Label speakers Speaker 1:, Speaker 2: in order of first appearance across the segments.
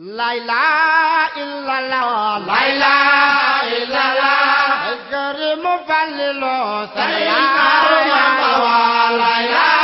Speaker 1: La ilaha la ilaha illallah Karim Fallilo Sayyidina Muhammad la ilaha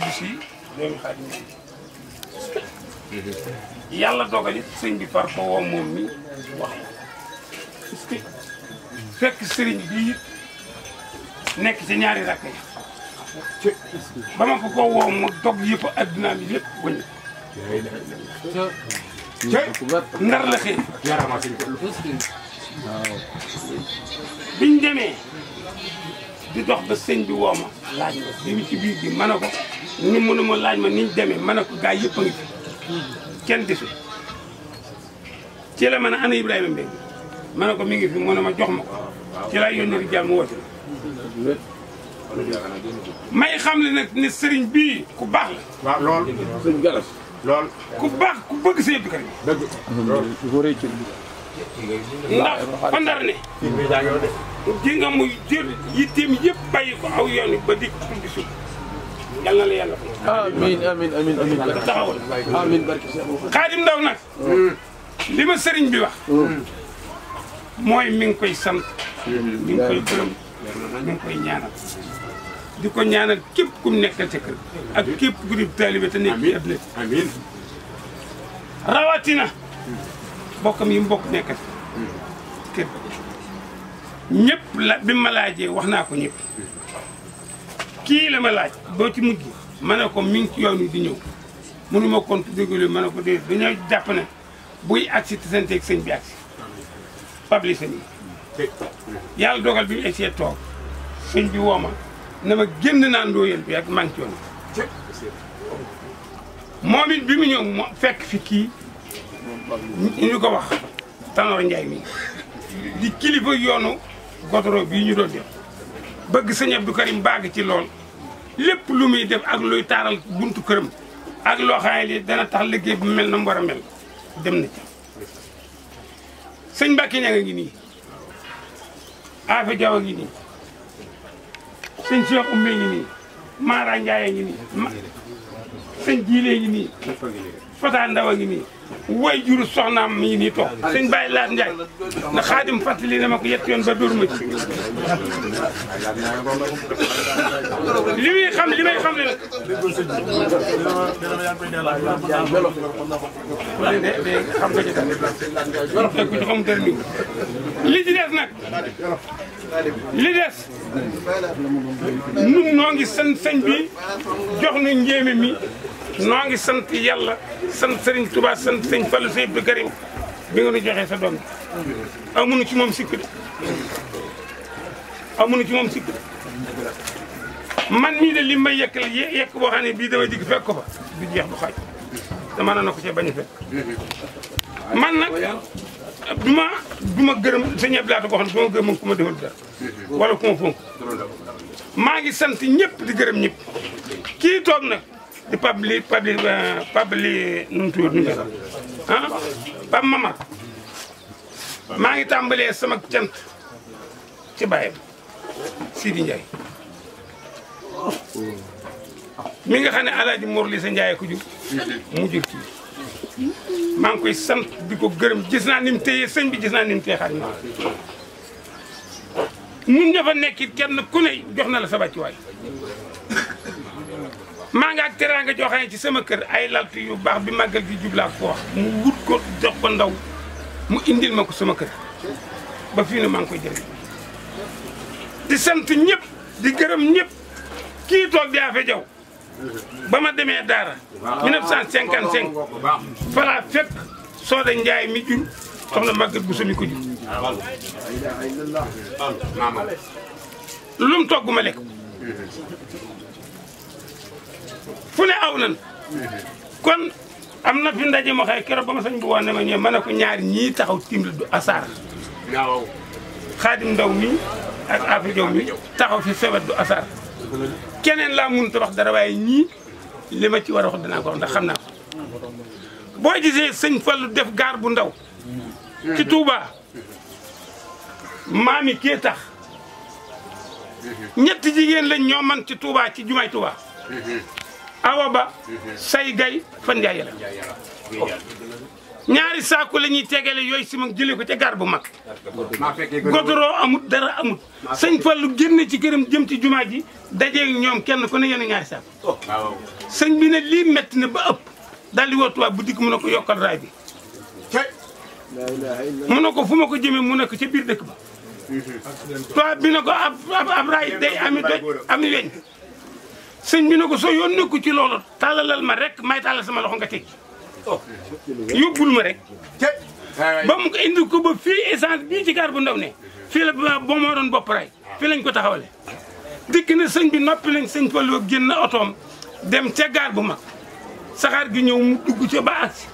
Speaker 2: dugg si doomi bi yàlla dogal it far ko woo moom mi fekk sëriñ bi nekk ci ñaari rakk yi ba ma ko ko woo mu dog yëpp addunaa mi yëpp wëñu ndar la biñ demee di dox ba sëñ bi woo ma laaj ci biir bi ma ne ko ni mënu ma laaj ma niñ demee ma ne ko gaa yëpp a ngi fi kenn gisu ci la ma ne ana Ibrahima Mbengue ma ne ko mi ngi fi mu ne ma jox ma ko ci laa yónni di jàll mu woote may xam le nag ne sëriñ bii ku baax waaw lool lool ku baax ku bëgg sëñ Abdou Karim dëgg ndax fa ne ji nga muy jël yitteem yëpp bàyyi ko aw yoon ba dikk tudd suuf yal na la yàlla xaadim ndaw nag. li ma sëriñ bi wax. mooy mi ngi koy sant. mi ngi koy gërëm mi koy ñaanal. di ko ñaanal képp kum nekkal ca kër ak képp ku di taalibe te nekk ci àddina. amiin rawatina. bokkam yi mu bokk nekkal. ñëpp la bi ma wax naa ko ñëpp kii la ma laaj ci mujj ma ne ko mi ngi yoon wi di ñëw mënu ma compte déglu ma ne ko dégg dañoo jàpp ne buy agsi te sante ak bi agsi pabli sëñ bi yàlla dogal bi mu egsee toog sëñ bi woo ma na ma génn naa ndóoyeen bi ak maa ngi ci bi mu ñëw mu fekk fi kii ñu ko wax Tanor Njaay mi di kilifa yoonu gotoro bii ñu doon def bëgg sëñ Abdou Karim bàgg ci lool lépp lu muy def ak luy taaral buntu këram ak loo xam dana tax liggéey bu mel na mu war mel dem na ci sëñ ngi nii Afe Jaw a ngi nii sëñ Cheikh Oumy ngi nii Mara Ndiaye ngi nii sëñ Jiile ngi nii Fata Ndaw a ngi nii way juru soxnaam mii nii toog sëñ Baye Laat Ndiaye ndax xaadim fàttali na ma ko yett yoon ba dóor ma ci li muy xam li may xam ne nag de xam nga ci tam fekk ci xam dër li ci des nag li des nun noo ngi sant sëñ bi jox nu njéemé mi noo ngi sant yàlla sant sëriñ Touba sant sëñ fal sëñ Abdou Karim bi nga nu joxee sa doom amuñu ci moom sikk de amuñu ci moom sikk de man ñii de li may yekkal yekk boo xam bii dama digg fekk ko fa du jeex du xaaj dama na na ko cee bañ a man nag du ma du ma gërëm sëñ Abdou Lahad ko xam gërëm ku ma defal dara wala ku ma maa ngi sant ñëpp di gërëm ñëpp kii toog nag di pabli pabli pabli nu mu tudd ah Pape Mamar maa ngi tàmbalee sama cant ci bàyyam Sidi Ndiaye mi nga xam ne alaaji li sa Ndiaye mu jur kii maa koy sant bi ko gërëm gis naa ni mu téye sëñ bi gis naa ni mu téye xaadim ñun ña fa kenn ku ne jox na la sa wàccuwaay maa ngi ak nga joxee ci sama kër ay lalt yu baax bi màggal gi jublaa ko wax mu wut ko jox ko ndaw mu indil ma ko sama kër ba fii ne maa ngi koy jël di sant ñëpp di gërëm ñépp kii toog di Afe Jaw ba ma demee Daara. 1955. fa laa fekk Sooda Njaay mi jur soxna Maguette Bousso mi ko jur. lum togg ma lekk. fu ne aw nan kon am na fi ndaje ma keroog ba ma sañ bu woon ne ma ñëw ma ne ko ñaar ñii taxaw tiim la du asaar. xaadim ndaw mi ak Afi Jaw taxaw fi sewet du asaar. keneen laa mënut a wax dara waaye ñii li ma ci war a ko ndax xam naa
Speaker 1: ko
Speaker 2: boo gisee sëñ Fallou def gaar bu ndaw ci Touba maami kee tax ñetti jigéen la ñoo man ci Touba ci jumaay Touba awa ba say gay fan njaay la ñaari saako la ñuy tegale yooyu si mag jëlee ko ca gar bu mag godoroo amut dara amut sëñ lu génn ci këram jëm ci jumaa ji dajeeg ñoom kenn ku ne yéen ñaari saako oh. sëñ bi ne lii metti ne ba ëpp daal di wootuwaat bu dikk mu ne ko yokkal raay bi mu ne ko fu ma ko jëmee mu ne ko ca biir dëkk ba toit bi ne ko ab ab raay day ami doj ami bi ne ko soo yónnee ko ci loolu tàllalal ma rek may tàllal sama loxo nga teg yóbbul ma rek ba mu ko indi ko ba fii essence bii ci gaar bu ndaw ne fii la ba moo doon bopp ray fii lañ ko taxawale dikk na sëñ bi noppi lañ sëñ Fallou génn otoom dem ca gaar bu mag saxaar gi ñëw mu dugg ca ba agsi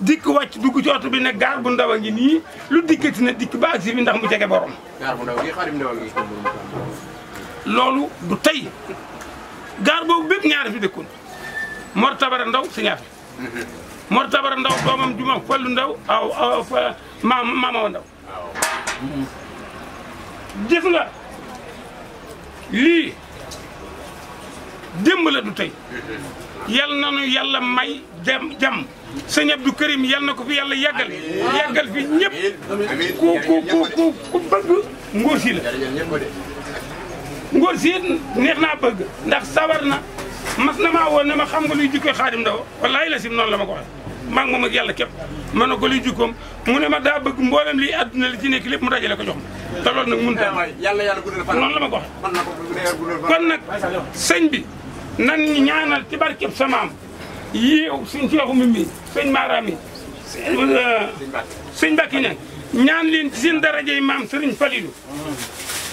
Speaker 2: dikk wàcc dugg ci oto bi ne gaar bu ndaw a ngi nii lu dikkati na dikk ba agsi bi ndax mu jege borom gaar bu ndaw gi xarim ndaw loolu du tey gar boobu bépp ñaar fi dëkkoon Mor Tabara Ndaw si ñaar Mor Tabara Ndaw doomam juma Fallu Ndaw aw ma Mamaw Ndaw gis nga lii démb la du tey yal na nu yàlla may dem jàmm sëñ Abdou Karim yal na ko fi yàlla yàggal yàggal fi ñëpp ku ku ku ku bëgg ngóor si la ngóor si neex naa bëgg ndax sawar na mas na maa woon ne ma xam nga luy jikko xaadim ndaw wallaay la sim noonu la ma ko waxee maa ngi moom ak képp ma ne ko luy jikkoom mu ne ma daa bëgg mboolem li àdduna li ci nekk lépp mu la ko jox ma te loolu nag mun eh, ta noonu la ma ko waxee kon nag sëñ bi nan ñaanal ci barkeb samaam yiw suñ seexu mi mi sëñ maaraam euh, yi sëñ Mbàkke ñaan leen ci seen darajey maam Sëriñ Falilu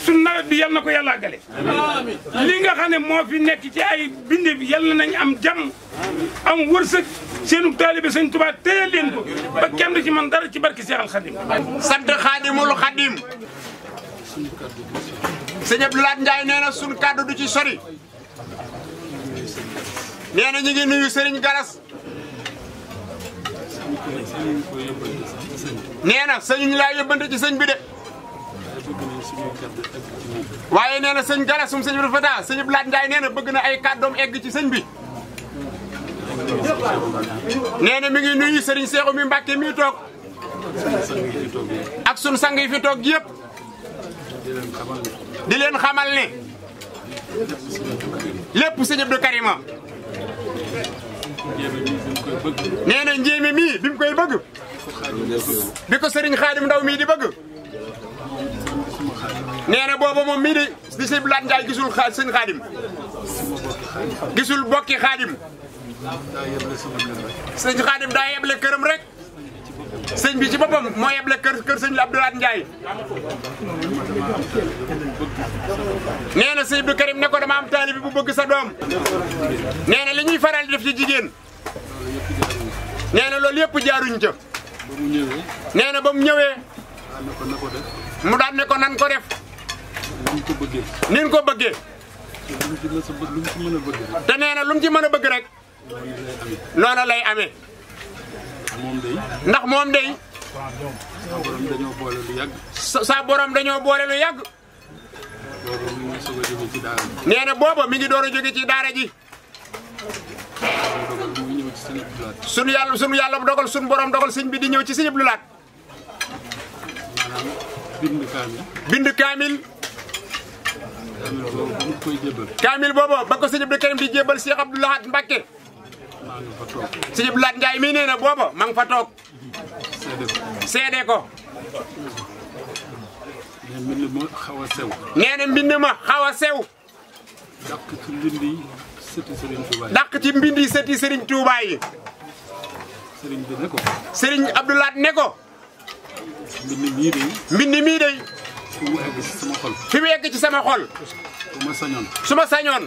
Speaker 2: suñ nawet bi yal na ko yàlla àggale li nga xam ne moo fi nekk ci ay binde bi yal nañ am jàmm am wërsëg seenu taalibe sëñ Tuubaa téye leen ko ba kenn du ci man dara ci barki Seexal Xadim sant Xaadimul Xadim
Speaker 3: sëñ Abdou Lahad Ndiaye nee na suñ du ci sori nee na ñu ngi nuyu Serigne Galas nee na sëñ laa yëbbante ci sëñ bi de waaye nee sëñ Galassoum sëñ Ibrahima Fata sëñ Blaat Ndiaye nee na bëgg na ay kàddoom egg ci sëñ bi. nee na mi ngi nuyu Serigne Seexu mi Mbàkke mi toog. ak sunu sang fi toog yëpp. di leen xamal ne. lépp sëñ Abdou Karima. nee na mii bi mu koy bëgg. bi ko Serigne Xaadim Ndaw mii di bëgg. nee na booba moom mii di sëñ Lat Ndiaye gisul xa sëñ xaadim gisul bokki xaadim sëñ xaadim daa yeble këram rek sëñ bi ci boppam moo yeble kër kër sëñ Abdou Lat Ndiaye nee na sëñ bi Karim ne ko dama am taalibi bu bëgg sa doom nee na li ñuy faral di def ci jigéen nee na loolu jaaruñ ca nee na ba mu ñëwee mu daan ne ko nan ko def
Speaker 4: ni ko bëggee. ni nga ko bëggee.
Speaker 3: te nee na lu mu ci mën a bëgg rek. noona lay amee. ndax moom day. sa borom dañoo boole lu yàgg. nee na booba mi ngi door a jóge ci daara ji. sunu yàlla sunu yàlla dogal sunu borom dogal sëñ bi di ñëw ci sëñ Abdou Lahad. kaamil boobu ba ko sëñ Abdou Karim di jébbal Cheikh Abdou Lahad Mbacké sëñ Abdou mii nee na booba ma fa toog seede ko
Speaker 4: nee mbind ma xaw a sew nee na mbind
Speaker 3: ma xaw sew
Speaker 4: dàq ci mbind
Speaker 3: yi sëti yi dàq ci yi sëti Serigne ne ko Serigne Abdou ne ko mbind mii day mbind mii day
Speaker 4: fi mu ci sama xol. fi mu ci sama xol. su ma sañoon. su ma sañoon.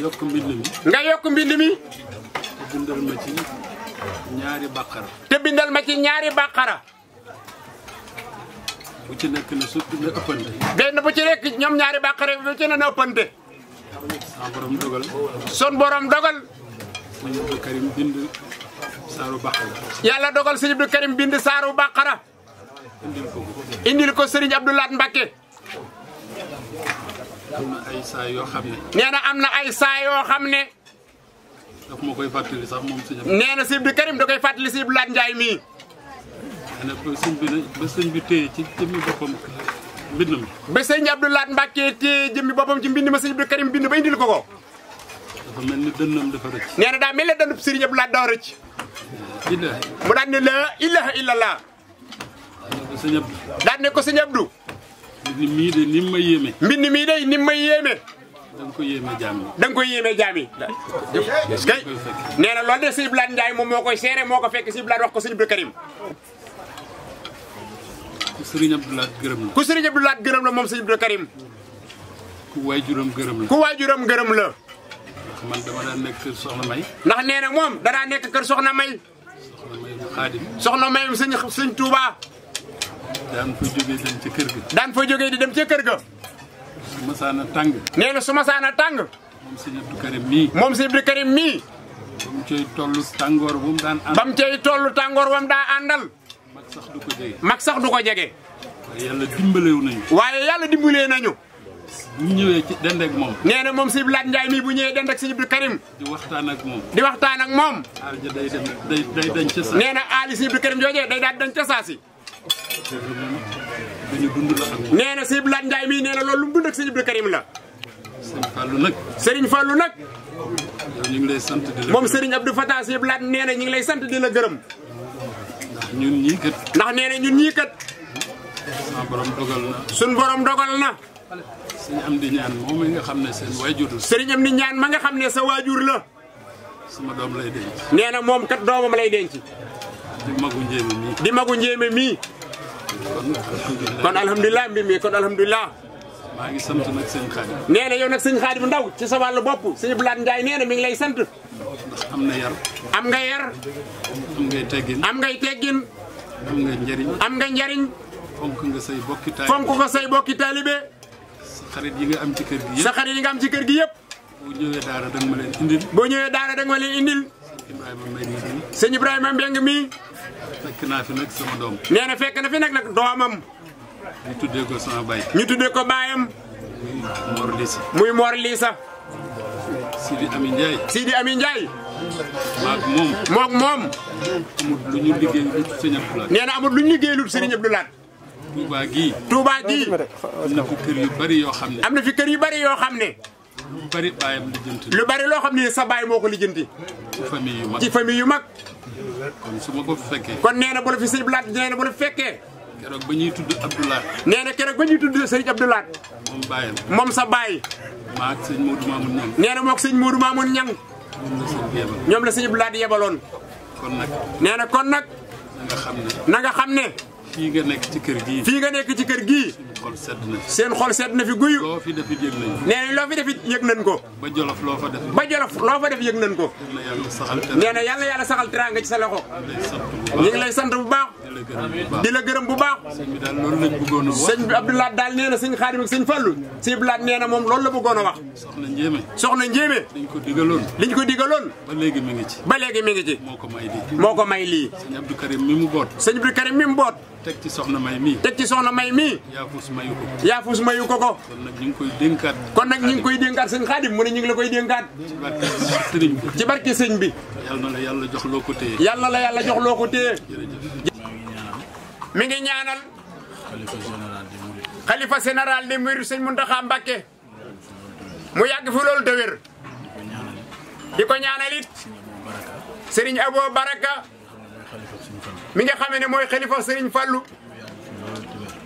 Speaker 4: nga yokk mbind mi.
Speaker 3: nga yokk mbind mi. te
Speaker 4: bindal ma ci ñaari bàqara.
Speaker 3: te bindal ma ci ñaari bàqara.
Speaker 4: bu ci nekk na su na ëppante.
Speaker 3: benn bu ci nekk ñoom ñaari bàqara bu ci ne na ëppante.
Speaker 4: son borom dogal.
Speaker 3: son borom dogal.
Speaker 4: sëñ Karim bind saaru bàqara.
Speaker 3: yàlla dogal sëñ Abdou Karim bind saaru bàqara. indil ko Serigne Abdoulaat Mbacké.
Speaker 4: am na ay saa yoo xam ne.
Speaker 3: nee na am na ay saa yoo xam ne.
Speaker 4: daf ma koy fàttali sax moom sëñ nee
Speaker 3: da koy fàttali sëñ Abdoulaat Ndiaye
Speaker 4: mii. nee na sëñ bi ba sëñ bi ci jëmmi boppam
Speaker 3: bind ba ko ko. dafa rëcc. nee na daa ne dënnu Serigne Abdoulaat dafa rëcc. daan ne ko sëñ Abdou. mbind mii de ni mu ma yéeme. mbind mii de ni mu ma yéeme.
Speaker 4: da nga ko yéeme jaam yi.
Speaker 3: da yéeme jaam yi.
Speaker 4: jërëjëf kay
Speaker 3: na loolu de sëñ Blane Ndiaye moom moo koy seere moo ko fekk sëñ Blane wax ko sëñ Abdou Karim. ku sëriñ Abdou Lahat gërëm la. moom sëñ Abdou Karim.
Speaker 4: ku waajuram gërëm la. ku
Speaker 3: waajuram gërëm la.
Speaker 4: dama nekk kër Soxna May.
Speaker 3: ndax nee na moom danaa nekk kër Soxna May. Soxna May Xaadim. Soxna
Speaker 4: daan fa jógee dem ca kër ga.
Speaker 3: daan fa jógee di dem ca kër ga.
Speaker 4: su ma saan tàng.
Speaker 3: nee su ma a tàng. moom sëñ Abdou Karim moom sëñ Abdou Karim mii. ba mu cay tollu tàngoor ba mu daan àndal. ba mu cay tollu tàngoor ba daa àndal.
Speaker 4: mag sax du ko jege.
Speaker 3: mag sax du ko jege.
Speaker 4: waaye yàlla dimbalewu nañu.
Speaker 3: waaye yàlla dimbalee nañu.
Speaker 4: bu mu ñëwee ci dend ak moom.
Speaker 3: nee na moom si Laat Njaay mii bu ñëwee dend ak sëñ Abdou Karim.
Speaker 4: di waxtaan ak moom.
Speaker 3: di waxtaan ak moom.
Speaker 4: aal ja day dem day day dañ
Speaker 3: na aali sëñ Abdou Karim joojee dañ saa si. nee na sëñ Blaat Ndiaye mii nee na loolu lu mu dund ak sëñ Ibra Karim la. Serigne Fallou nag. Serigne Fallou
Speaker 4: nag. ñu ngi lay sant moom
Speaker 3: Serigne Abdou Fatah sëñ Blaat nee na ñu ngi lay sant di la gërëm.
Speaker 4: ndax ñun ñii kat.
Speaker 3: ndax nee na ñun ñii kat. borom dogal na.
Speaker 4: suñu am di ñaan moom mi nga xam ne seen waajur la.
Speaker 3: sëriñ am di ñaan ma nga xam ne sa waajur la.
Speaker 4: sama doom lay denc.
Speaker 3: nee na moom kat doomam lay denc. di magu njéeme mii.
Speaker 4: kon alhamdulilah
Speaker 3: mbir mi kon alhamdulilah.
Speaker 4: maa ngi sant nag sëñ Xaadim.
Speaker 3: nee na yow nag sëñ Xaadim ndaw ci sa wàllu bopp sëñ Blaat Ndiaye nee na mi ngi lay sant. ndax am na yar. am nga yar.
Speaker 4: am ngay teggin.
Speaker 3: am ngay teggin. am nga njariñ. am nga njariñ.
Speaker 4: fonk nga say bokki
Speaker 3: taalibe fonk nga say bokki taalibe. sa xarit yi nga am ci kër gi yëpp. sa xarit yi am ci kër gi yëpp. boo ñëwee daara danga ma leen indil. boo ñëwee daara danga ma leen indil. sëñ Ibrahima Mbengue mii.
Speaker 4: fekk naa fi nag sama doom.
Speaker 3: nee na fekk na fi nag nag doomam. ñu ko sama baay. ko baayam. muy Mor Lissa. muy Mor Lissa. Sidi Amin maak moom. mook moom.
Speaker 4: amul lu ñu liggéey lu sëñ Abdou Lahat. nee
Speaker 3: na amul lu ñu liggéey lu sëñ Abdou Lahat. Touba am
Speaker 4: na fi kër yu yoo xam ne. am na fi kër yu bari yoo xam ne. lu bari baayam lijjanti.
Speaker 3: bari loo xam ne sa baay moo ko lijjanti. ci famille yu mag
Speaker 4: yu mag. kon su ma ko fekkee. kon nee
Speaker 3: na bu la fi sëñ Blaat nee na bu
Speaker 4: ba ñuy tudd Abdoulaat.
Speaker 3: nee na keroog ba ñuy tudd sëñ Abdoulaat.
Speaker 4: moom moom sa baay. maa ak sëñ Modou Mamoun Niang.
Speaker 3: nee na moog sëñ Modou Mamoun Niang. ñoom la sëñ Blaat yebaloon. kon nag nee na kon nag. na xam na nga xam ne. fii nga nekk ci kër gii. fii nga nekk ci kër gii.
Speaker 4: seen xol sedd na
Speaker 3: fi. seen xol sedd na fi guyu. loo fi def it yëg nañ ko. nee na loo fi def it yëg nañ ko. ba jolof loo fa def. ba jolof loo fa def yëg nañ ko. nee na yàlla yàlla saxal teraanga ci sa loxo. ñu ngi lay sant bu baax. di gërëm bu baax sëñ bi Abdoulaat daal nee na sëñ Xaadim ak sëñ Fallu sëñ Abdoulaat nee na moom loolu la bëggoon a wax soxna Njéeme soxna Njéeme liñ ko digaloon liñ ko digaloon ba léegi mi ngi ci ba léegi mi ngi ci moo ko may lii moo ko may lii sëñ ko Karim mi mu boot sëñ Abdou Karim mi may mii teg ci soxna may mii
Speaker 4: yaafuus mayu ko
Speaker 3: yaafuus mayu ko ko kon nag ñu ngi koy dénkaat kon Xaadim mu ne ñu ngi la koy dénkaat
Speaker 4: ci barke sëñ bi yàlla na la yàlla jox loo ko téye yàlla la yàlla jox loo ko téye
Speaker 3: mi ngi ñaanal. xalifa général des Mourides. xalifa général des Mourides sëñ Mountakha Mbacké. mu yàgg fi loolu te wér. ko ñaanal it. sëriñ Abo Baraka. mi nga xamee ne mooy xalifa sëriñ Fallou.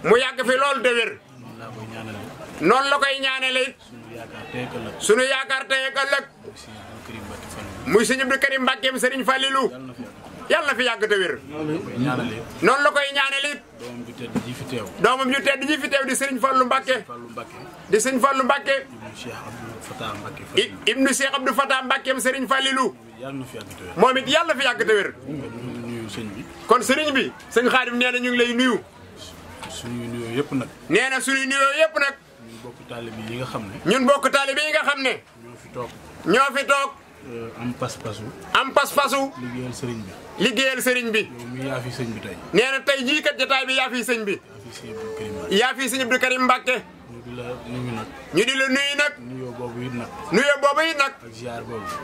Speaker 3: mu yàgg fi loolu te wér. noonu la koy ñaanale it. sunu yaakaar tey ak ëllëg. muy sëñ Abdou Karim Mbacké sëriñ yàlla na fi yàgg te wér. noonu la koy ñaanal it.
Speaker 4: doomam ju tedd ji fi teew.
Speaker 3: doomam ju tedd ji fi teew di Serigne Fallou Mbakke. di Serigne Fallou Mbakke. ibnu Cheikh Abdou Fatah Mbakke am Serigne Fallilou. moom it yàlla fi yàgg te wér. kon sëriñ bi. sëñ Xaadim nee na ñu ngi lay nuyu. suñuy nuyoo yëpp nag. nee na suñuy nuyoo yëpp nag.
Speaker 4: ñun bokk taalibe yi nga xam
Speaker 3: ne. ñun bokk taalibe yi nga xam ne. ñoo fi toog. ñoo fi toog. Euh, am pas-pasu. am pas-pasu. liggéeyal sëriñ bi. liggéeyal sëriñ bi. yaa fi sëñ bi tey. nee na tey jii kat jotaay bi yaa sëñ bi. yaa fi sëñ Abdou Karim Mbacke. ñu di la nuyu nag. nuyoo boobu it nag. nuyoo boobu it nag.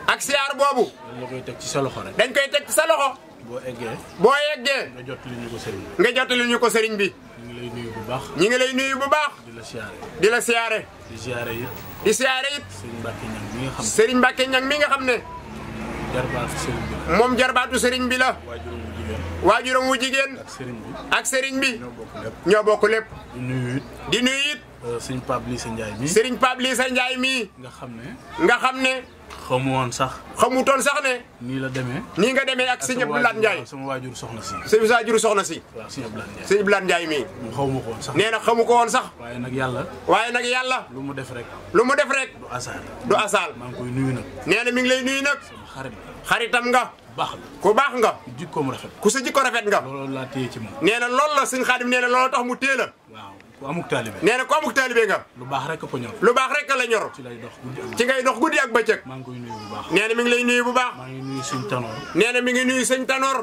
Speaker 3: ak siyaar boobu. boobu. dañ koy teg ci sa loxo rek. dañ koy teg ci sa loxo. boo eggee. boo eggee. nga jot li ñu ko sëriñ bi. nga jot ñu ko sëriñ bi. ngi lay nuyu bu baax. ñu ngi lay nuyu bu baax. di la siyaare. di la siyaare.
Speaker 5: di siyaare it. di siyaare it. sëriñ
Speaker 3: Mbacke ñang mi mi nga xam ne. moom jarbaatu sëriñ bi la. waajuram wu jigéen. ak sëriñ bi. ñoo bokk lépp. di nuyu it. Euh, sëriñ Pape Lissa Ndiaye mii. sëriñ Pape Lissa Ndiaye mii. nga xam ne. nga xam ne. xamu woon sax. xamutoon sax ne. nii la demee. nii nga demee ak sëñ Abdou Lahad Ndiaye. sama waajur soxna si. sëñ waajur soxna si. waaw sëñ Abdou Lahad Ndiaye. sëñ Abdou Lahad Ndiaye mii. xaw ko sax. nee na xamu ko woon sax. waaye nag yàlla. waaye nag yàlla. lu mu def rek. lu mu def rek. du asaal. du asaal. nee na mi ngi lay nuyu nag. xaritam nga. baax nga ku baax nga. rafet ku sa jikko rafet nga. loolu laa téye ci moom. nee na loolu la sëñ nee na loolu tax mu téye ku amuk taalibe nee na ku amuk taalibe nga lu baax na mi ngi lay nuyu bu baax tanoor nee mi ngi nuyu sëñ tanoor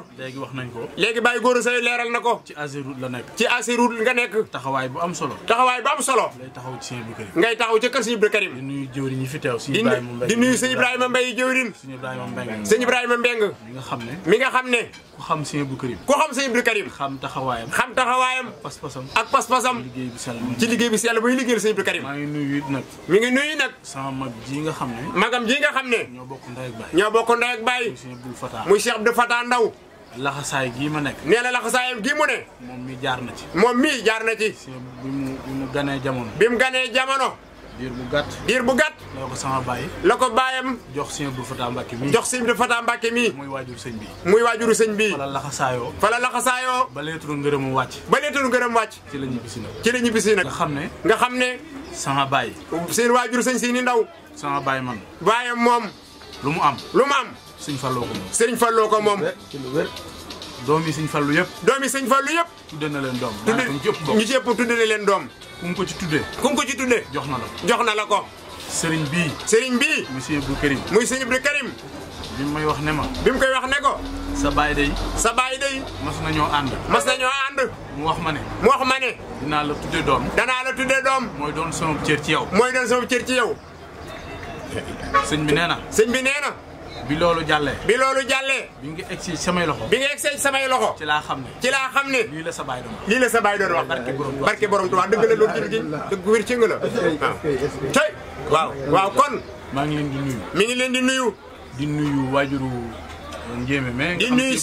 Speaker 3: léegi bàyyi góor say leeral na ko ci asirut la nekk ci asirut nga nekk taxawaay bu am solo taxawaay bu am solo ngay taxaw ci sëñ Ibra kër sëñ Ibra Karim mi nga xam ne mi nga xam ne ku xam sëñ Ibra Karim ku xam sëñ Ibra Karim xam taxawaayam xam taxawaayam ak pas-pasam liggéey bi sell ci liggéey bi sell bay liggéeyal sëñ Abdou Karim maa ngi nuyu it nag mi ngi nuyu nag sama mag ji nga xam ne magam ji nga xam ne
Speaker 4: ñoo bokk ndey baay
Speaker 3: ñoo bokk ndey ak baay muy Cheikh Abdou Fatah Ndaw laxasaay gii ma nekk nee na laxasaayam gii mu ne moom mii jaar na ci moom mii jaar na ci bi mu bi mu ganee jamono bi mu ganee jamono diir bu gàtt. diir bu gàtt. la ko sama baay. la ko baayam. jox sëñ Abdou Fatah Mbacke mii. jox sëñ Abdou Fatah Mbacke mii. muy waajuru sëñ bi. muy waajuru sëñ bi. fala laxasaayoo. fala laxasaayoo. ba leetulu ngërëm wàcc. ba leetulu ngërëm wàcc. ci la ñibbisi nag. ci la ñibbisi nag. nga xam ne. nga xam ne. sama baay. seen waajuru sëñ si ni ndaw. sama baay man. baayam moom. lu mu am. lu mu am. sëñ faloo ko moom. sëñ Falloo ko moom. doom yi sëñ Fallu yëpp. doom yi sëñ Fallu yëpp. tudde na leen doom. ñu ci ëpp leen doom ku ko ci tuddee. ku ko ci tuddee. jox na la jox na la ko. sëriñ bii. sëriñ bii. monsieur Ibou Karim. muy sëriñ Ibou Karim. bi mu may wax ne ma. bi mu koy wax ne ko. sa baay day. sa baay day. mas na nañoo ànd. mas nañoo ànd. mu wax ma ne. mu wax ma ne. dinaa la tuddee doom. danaa la tuddee doom. mooy doon sama cër ci yow. mooy doon sama cër ci yow. sëñ bi nee na. sëñ bi nee na. bi loolu jàllee bi loolu jàllee bi nga egsi ci samay loxo bi nga egsi samay loxo ci laa xam ne ci laa xam ne lii la sa baay doon wax lii sa baay doon wax barke borom Tuubaa dëgg la loolu ci dëgg wér ci nga la waaw waaw waaw kon maa ngi leen di nuyu mi ngi leen di nuyu di nuyu waajuru Ndiémé mais di nuyu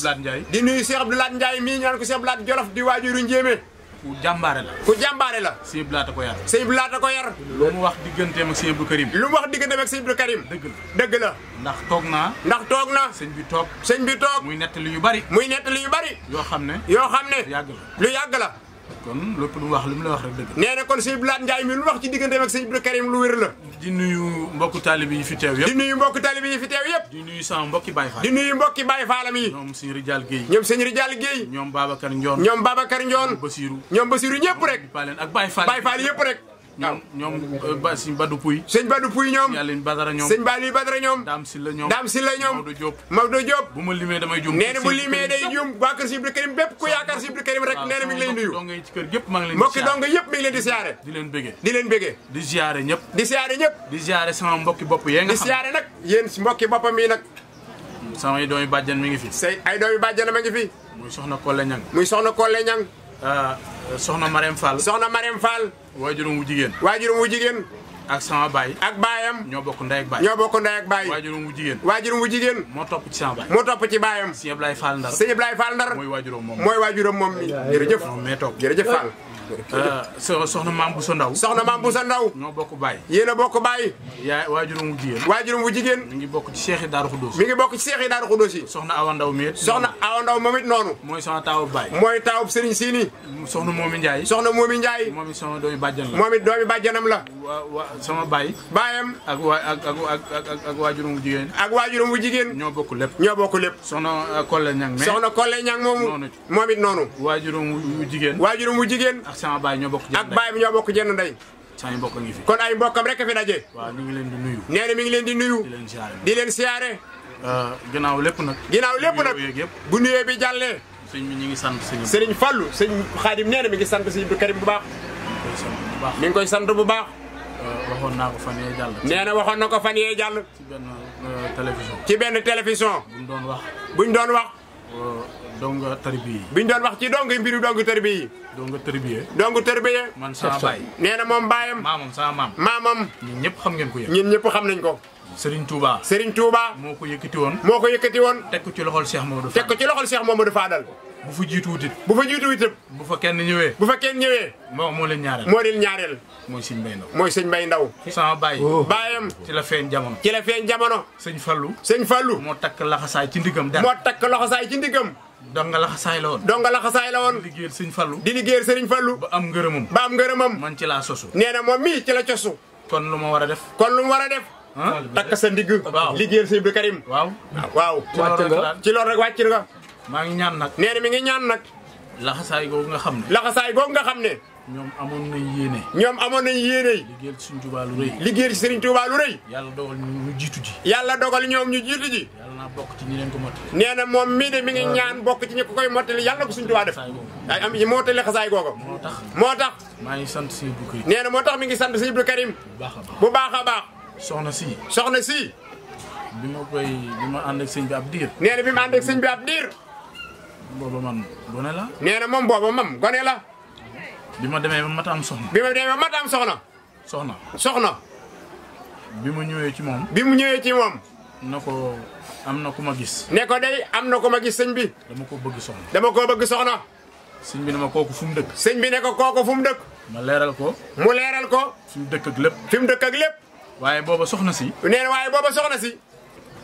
Speaker 3: di nuyu Cheikh Abdou Lahat Ndiaye mi ñaan ko Cheikh Abdou Lahat Jolof di waajuru Ndiémé ku jàmbaare la ku jàmbaare la sëñ bi laata ko yar sëñ bi laata ko yar lu mu wax digganteem ak sëñ Abdou Karim lu mu wax digganteem ak sëñ Abdou Karim dëgg la dëgg la ndax toog naa ndax toog naa sëñ bi toog sëñ bi toog muy nettali yu bari muy nettali yu bari yoo xam ne yoo xam ne lu yàgg la lu yàgg la kon lépp lu mu wax li mu la wax rek dëgg nee na kon sëñ Abdou Lahad Ndiaye mi lu wax ci digganteem ak sëñ Abdou Karim lu wér la di nuyu mbokku taalibe yi fi teew yëpp di nuyu mbokku taalibe yi fi teew yëpp di nuyu sama mbokki Baye Fall di nuyu mbokki Baye Fallam yi ñoom sëñ Rijal Guèye ñoom sëñ Rijal Guèye ñoom Babacar Ndion ñoom Babacar Ndion Basirou ñoom Basirou ñëpp rek Baye rek waaw ñoom euh, ba sëñ Badou Pouy sëñ Badou Pouy ñoom Yalin Badara ñoom sëñ Bali Badara ñoom Dame Sylla ñoom Dame Sylla ñoom Maodo bu ma limee damay jum nee na bu limee day jum waa kër si Ibra Karim bépp ku yaakaar si Ibra Karim rek nee na mi ngi leen nuyu donga yëpp mi ngi di siyaare di leen bégee di siyaare ñëpp di siyaare sama mbokki bopp yee nga xam di mbokki boppam yi nag samay doomi bàjjan mi ngi fi say ay doomi bàjjan ma ngi fi muy soxna Kolle Ñang Ñang Euh, soxna Marème Fall. soxna Marème Fall. waajuram wu jigéen. waajuram wu jigéen. ak sama baay. ak baayam. ñoo bokk ndey ak baay. ñoo bokk ndey ak baay. waajuram wu jigéen. waajuram wu jigéen. moo topp ci sama baay. moo topp ci baayam. sëñ Ablaye Fall Ndar. sëñ Ablaye Fall Ndar. mooy waajuram moom mooy waajuram moom mi. jërëjëf moom mee toog jërëjëf Fall. Ah, soxna maam bu sa ndaw soxna maam bu sa ndaw ñoo bokk baay yéen a bokk baay yaay waajurum wu jigéen waajurum wu jigéen mi bokk ci seexi daaru xudóos mi ngi bokk ci seexi daaru xudóos yi soxna awa ndaw mi soxna awa ndaw moom it noonu mooy soxna taawub njaay soxna moomi njaay moom it sama doomi bàjjan la la wa sama baay baayam ak waa ak ak ak waajurum wu jigéen ak waajurum wu jigéen ñoo bokk lépp ñoo bokk lépp soxna uh, kolle ñang soxna kolle ñang moomu moom it noonu waajurum wu jigéen waajurum wu jigéen sama baay ñoo bokk ak baay bi ñoo bokk jenn ndey sama mbokk ngi fi ñu ngi leen di nuyu nee na mi ngi leen di nuyu di leen siyaare euh, ginnaaw lépp nag ginnaaw lépp nag bu nuyoo bi jàllee sëñ ñu ngi sant sëñ sëriñ Fallou sëñ Xaadim nee mi ngi sant sëñ Abdou Karim bu baax mi ngi koy sant bu baax
Speaker 4: euh, waxoon naa ko fan yee
Speaker 3: jàll waxoon na ko fan yee jàll ci benn euh, télévision ci benn télévision buñ buñ doon wax Euh, donga tarbiye. biñ doon wax ci dong mbiru dong tarbiye yi. donga tarbiye. dong tarbiye. man sama baay. nee na moom baayam. maamam sama maam. maamam. ñun ñëpp xam ngeen ko yéen. ñun ñëpp xam nañ ko. Serigne Touba. Serigne Touba. moo ko yëkkati woon. moo ko yëkkati woon. teg ko ci loxol Cheikh Mamadou Fadal. teg ko ci loxol Cheikh Mamadou Fadal. bu fa jiituwut it bu fa jiituwut it bu fa kenn bu fa kenn ñëwee moo moo leen ñaareel moo leen ñaareel mooy sëñ Mbay Ndaw mooy sëñ Mbay Ndaw sama baay oh. baayam ci la feeñ jamono ci la feeñ jamono sëñ Fallu sëñ Fallu moo takk laxasaay ci ndiggam dara moo takk laxasaay ci ndiggam dong nga laxasaay la woon dong nga laxasaay la woon di liggéeyal sëñ Fallu di liggéeyal sëriñ Fallu ba am ngërëmam ba am ngërëmam man ci laa sosu nee na moom mii ci la cosu kon lu ma war a def kon lu ma war a def takk sa ndigg liggéeyal sëñ bi Karim waaw maa ngi ñaan nag. nee mi ngi ñaan nag. laxasaay googu nga xam ne. laxasaay googu nga xam ne. ñoom amoon nañ yéene. ñoom amoon nañ yéene. liggéeyal ci Serigne Touba lu rëy. liggéeyal ci Serigne Touba lu rëy. yàlla dogal ñu jiitu ji. yàlla dogal ñoom ñu jiitu ji.
Speaker 4: yàlla naa bokk ci ñi leen ko mottali.
Speaker 3: nee na moom mii de mi ngi ñaan bokk ci ñi ko koy mottali yàlla ko Serigne Touba def. ay am mottali laxasaay googu. moo tax moo tax.
Speaker 4: maa ngi sant Serigne Abdou Karim.
Speaker 3: nee moo tax mi ngi sant Serigne Abdou Karim. bu baax a baax soxna si soxna si. bi ma koy bi ma ànd ak sëñ bi ab diir. nee na booba man gone la. nee na moom booba mam gone la. bi ma demee ba mata am soxna. bi ma demee ba mata am soxna. soxna soxna. bi mu ñëwee ci moom. bi mu ñëwee ci moom. na ko am na ku ma gis. ne ko day am na ko ma gis sëñ bi. dama ko bëgg soxna. dama ko bëgg soxna. sëñ bi ne kooku fu mu dëkk. sëñ bi ne ko kooku fu mu dëkk. ma leeral ko. mu leeral ko. fi mu dëkk lépp. fi mu dëkk ak lépp. waaye booba soxna si. nee waaye booba soxna si.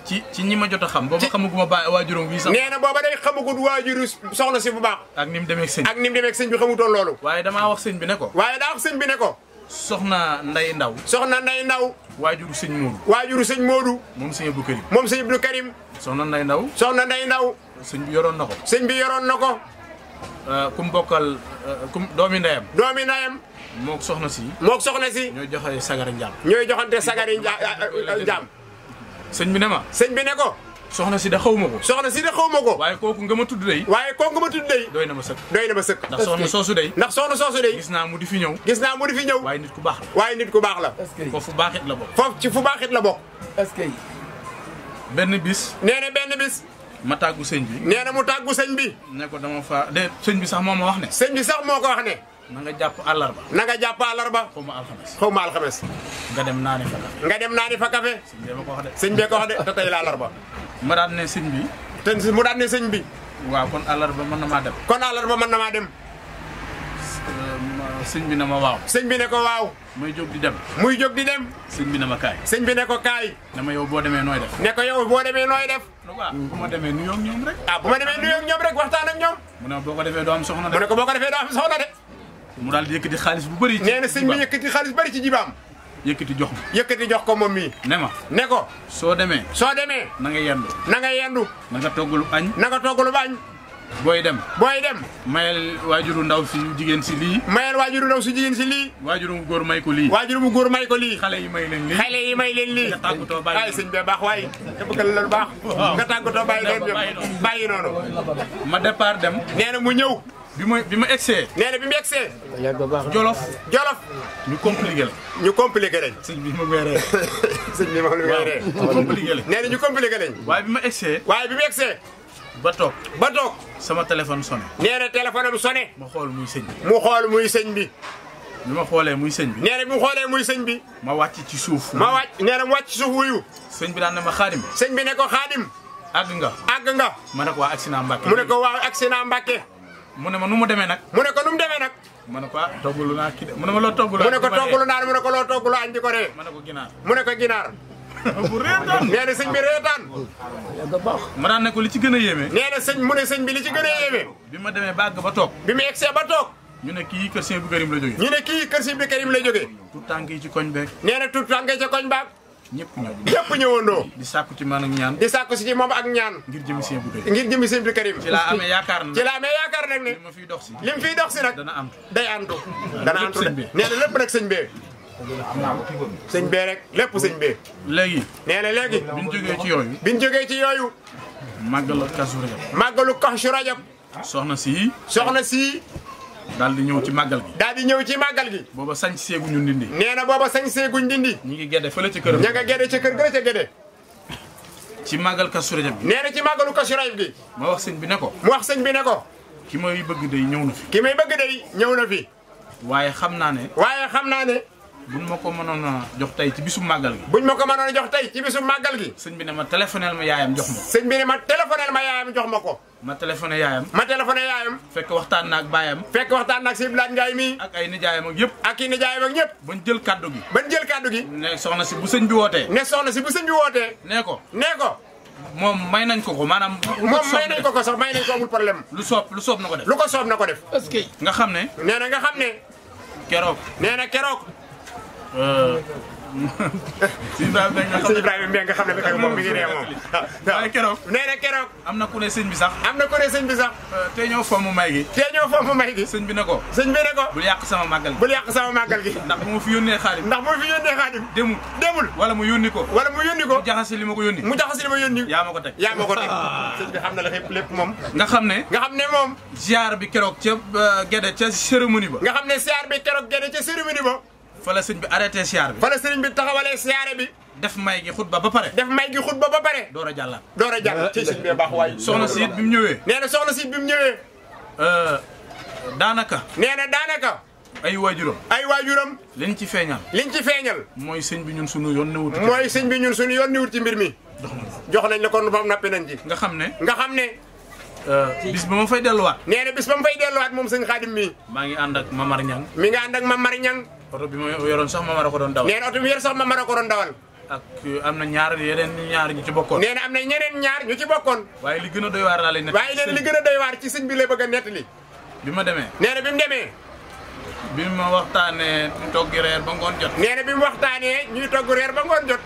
Speaker 3: ci ci ñi ma jot a xam. booba xamaguma ba waajuram wii sax. nee na booba day xamagul waajuru soxna si bu baax. ak ni mu demee ak sëñ bi ak ni demee ak sëñ bi xamutoon loolu. waaye damaa wax sëñ bi ne ko. waaye daa wax sëñ bi ne ko. soxna nday ndaw soxna nday ndaw waajuru sëñ Moodu waajuru sëñ Moodu moom sëñ Abdou Karim moom sëñ Abdou Karim soxna nday ndaw soxna nday ndaw sëñ bi yoroon na ko sëñ bi yoroon na ko euh, kum bokkal euh, kum doomi ndeyam doomi ndeyam mook soxna si mook soxna si ñooy joxe sagari njaam ñooy joxante sagari njaam sëñ bi ne ma sëñ bi ne ko soxna si da xaw ma ko soxna si da xaw ma ko waaye kooku nga ma tudd day waaye kooku nga ma tudd day doy na ma sëkk doy na ma sëkk ndax soxna soosu day ndax soxna soosu day gis naa mu di fi ñëw gis naa mu di fi ñëw waaye nit ku baax la waaye nit ku baax la foofu baaxit la bokk foofu ci fu baaxit la bokk est-ce que benn bis nee benn bis ma tàggu sëñ bi nee mu tàggu sëñ bi ne ko dama fa de sëñ bi sax moo ma wax ne sëñ bi sax moo ko wax ne na nga jàpp àllarba. na nga jàpp àllarba. xaw ma alxames xaw ma alxames. nga dem naani fa kafe. nga dem naani fa kafe. sëñ bee ko wax de. sëñ bee ko wax de te tey la àllarba. ma daan ne sëñ bi. te mu daan ne bi. waaw kon àllarba mën na maa dem. kon àllarba mën na maa dem.
Speaker 4: Euh,
Speaker 3: sëñ bi na ma waaw. sëñ bi ne ko waaw. muy jóg di dem. muy jóg di dem. sëñ bi na ma kaay. sëñ bi ne ko kaay. na ma yow boo demee nooy def. ne ko yow boo demee nooy def. waaw ah, bu ma demee nuyoo ak ñoom rek. ah ma demee nuyoo ak ñoom rek waxtaan ak ñoom. mu ne boo ko defee doo am soxna de. mu ne ko boo ko defee doo am soxna de. mu daal di yëkkati xaalis bu bëri. ci nee na sëñ bi yëkkati xaalis bëri ci jibaam. yëkkati jox ko. yëkkati jox ko moom mii. ne ma ne ko. soo demee. soo demee. na nga yendu. na nga yendu. na nga togg lu añ. na nga togg lu añ. booy dem booy dem mayel waajuru ndaw si jigéen si lii mayel waajuru ndaw si jigéen si lii waajuru mu góor may ko lii waajuru mu góor may ko lii xale yi may leen lii xale yi may leen lii nga tàggatoo bàyyi ay sëñ bi baax waaye te bëggal la lu baax nga tàggatoo bàyyi leen bàyyi noonu ma départ dem nee na mu ñëw bi ma bi ma egsee. nee na bi mu egsee. jolof jolof. ñu compliqué la. ñu compliqué lañ. sëñ bi ma weeree. sëñ bi ma weeree. ñu compliqué lañ. nee na ñu compliqué lañ. waaye bi ma egsee. waaye bi mu egsee. ba toog ba toog. sama téléphone sonné. nee na téléphone am sonné. ma xool muy sëñ bi. mu xool muy sëñ bi. bi ma xoolee muy sëñ bi. nee na bi mu xoolee muy sëñ bi. ma wàcc ci suuf. ma wàcc nee na mu wàcc ci suuf wuyu. sëñ bi daan na ma xaadim. sëñ bi ne ko xaadim. àgg nga àgg nga. ma ne ko waa agsi naa Mbàkke. mu ne ko waa agsi naa Mbàkke mu ne ma nu mu demee nag mu ne ko nu mu demee nag
Speaker 5: mu ne ko ah toggulu naa kii de mu ne ma loo toggulu mu
Speaker 3: ne ko toggulu naan mu ne ko loo toggulu añ di ko ree mu ne ko ginaar mu ne ko ginaar bu a nee
Speaker 2: ma ne ko li ci gën a yéeme nee na
Speaker 3: sëñ mu ne bi li ci gën a yéeme bi ma demee bàgg ba toog bi mu egsee ba toog ñu ne kii kër sëñ bi Karim la jógee ñu ne kii kër sëñ bi Karim la jógee tout tànk yi ci koñ beeg nee na tout tànk yi ci koñ baag ñëpp ñëw ñëpp ñëwandoo. di sàkku ci man ak ñaan. di sàkku si ci moom ak ñaan. ngir jëmi sëñ ngir jëmi sëñ ci laa amee
Speaker 2: yaakaar nag ci laa
Speaker 3: amee yaakaar nag ne. li ma fiy mu si nag. dana day antu. dana antu de nee lépp nag sëñ bee. sëñ bee rek lépp sëñ bee. léegi. nee léegi. bi ñu jógee ci yooyu. bi ñu jógee ci yooyu. màggalu kasu rajab. màggalu kasu rajab. soxna si. soxna si. daal di ñëw ci màggal gi daal di ñëw ci màggal gi booba sañ seeguñu ndindi nee na booba sañ seeguñ ndindi ñi ngi gedde fële ca kër ña nga gedde ca kër gëla ca gedde
Speaker 2: ci màggal Kazu Rajab gi nee ci
Speaker 3: màggalu Kazu Rajab gi ma wax sëñ bi ne ko mu wax sëñ bi ne ko ki may bëgg day ñëw na ki may bëgg day ñëw na fi waaye xam naa ne waaye xam naa ne buñ ma ko mënoon jox tey ci bisu màggal gi ma ko mënoon a jox tey ci bisu màggal gi sëñ bi ne ma téléphoneel ma yaayam jox ma ma téléphoneel ma yaayam jox ma ko ma téléphoné ma yaayam fekk waxtaan naag baayam fekk waxtaan naag si Blaat Njaay mii ak ay nijaayam ak yëpp ak i nijaayam ak ñëpp bañ jël kaddu gi bañ jël kaddu gi ne soxna si bu sëñ bi wootee ne soxna si bu sëñ bi wootee nee ko nee ko moom may nañ ko ko maanaam moom may nañ ko ko sax may nañ ko amul lu soob lu soob na ko def ko soob na ko def parce nga xam ne nee na nga xam ne keroog nee na keroog sëñ Ibrahima Mbengue nga xam ne bi moom mi ngi nee moom. waaw keroog nee na keroog. am na ku ne sëñ bi sax. am na ku ne sëñ bi sax. Euh, tey ñëw fomm may gi. te ñëw fomm may gi. sëñ bi ne ko. sëñ bi ne ko. bul yàq sama màggal gi. bul yàq sama màggal gi. ndax bu ma fi yónnee xaalis. ndax bu ma fi yónnee xaalis. demul demul. wala mu yónni ko. wala mu yónni ko. mu jaxase li ma ko yónni. mu jaxase li ma yónni. yaa ma ko teg yaa ma ko teg. sëñ bi xam na la lépp lépp moom. nga xam ne. nga xam ne moom. ziar bi keroog ca euh, gede ca cérémonie ba. nga xam ne ziar bi keroog ca cérémonie ba fa la sëñ bi arrêté siyaar bi fa la sëñ bi taxawalee siyaare bi def may gi xutba ba pare def may gi xutba ba pare door a jàllaat door a jàllaat ci sëñ bee baax waay soxna si it bi mu ñëwee nee na soxna si it bi mu ñëwee euh, daanaka nee daanaka ay waajuram ay waajuram liñ ci feeñal liñ ci feeñal mooy sëñ bi ñun sunu yoon niwut mooy sëñ bi ñun sunu yoon niwut ci mbir mi jox nañ la kon fam nappi nañ ci nga xam ne nga xam ne euh, bis ba ma fay delluwaat nee na bis ba ma fay delluwaat moom sëñ xaadim mii maa ngi ànd ak Mamar Ñang mi nga oto bi ma yoroon sax mamara ko doon dawal. nee na oto bi yor sax mamara ko doon dawal. ak eh, am na ñaar yeneen ñaar ñu ci bokkoon. nee na am na ñeneen ñaar ñu ci bokkoon. waaye li gën a doy waar laa lay nettali. waaye leen li gën a doy waar ci sëñ bi lay bëgg a nettali. bi ma demee. nee na bi mu demee. bi ma waxtaanee ñu togg reer ba ngoon jot. nee na bi mu waxtaanee ñuy togg reer ba ngoon jot.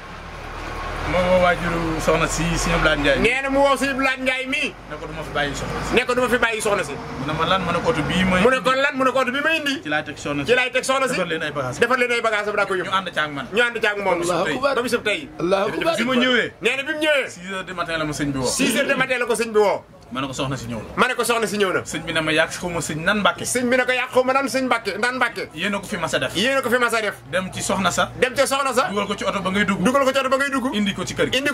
Speaker 3: moo woo waajuru soxna si sëñ Abdoulaye Ndiaye. nee na mu woo sëñ Abdoulaye Ndiaye mii. ne ko du ma fi bàyyi ne ko du fi bàyyi soxna si. mu ne ma lan mu ne ko oto bii may. mu ne ko lan mu ne ko oto bii may soxna si ci laay teg soxna si. defar leen ay bagages defar leen ay bagages am daa koy yóbbu. ñu ànd caag man ñu ànd caag moom. allahu akbar ba bisub tey. allahu akbar bi ma ñëwee. mu ñëwee. bi woo. ma ne ko soxna si ñëw na ma ne ko soxna si ñëw na sëñ bi ne ma yàq xaw ma sëñ nan mbàkke sëñ bi ne ko yàq xaw ma nan sëñ mbàkke nan mbàkke yéen a ko fi mas a def yéen a ko fi mas a def dem ci soxna sa dugal ko ci ba ngay dugg dugal ko ci ba ngay dugg indi ci kër gi indi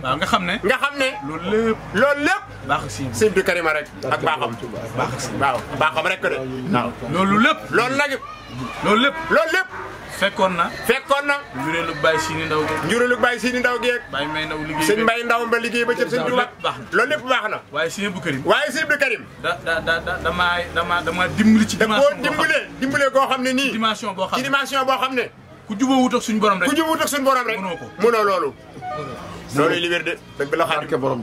Speaker 3: nga xam ne nga xam ne loolu lépp loolu lépp baax sëñ bi karima rek ak baaxam rek ko de
Speaker 5: waaw loolu
Speaker 3: lépp loolu lépp loolu lépp fekkoon na fekkoon na njureelu Baye Sini Ndaw geeg njureelu Baye Sini Ndaw geeg Baye May Ndaw liggéey sëñ Baye Ndaw ba liggéey ba cëb sëñ Tuuba loolu lépp baax na waaye sëñ Abdou Karim waaye sëñ Abdou Karim da da da damaa dama dama dimbali ci dimension boo dimbalee dimbalee koo xam ne boo xam ne dimension boo xam ne ku jubóo wut ak suñu borom rek ku jubóo wut ak suñu borom rek mënoo ko mënoo loolu loolu li wér de dëgg
Speaker 5: la xaar borom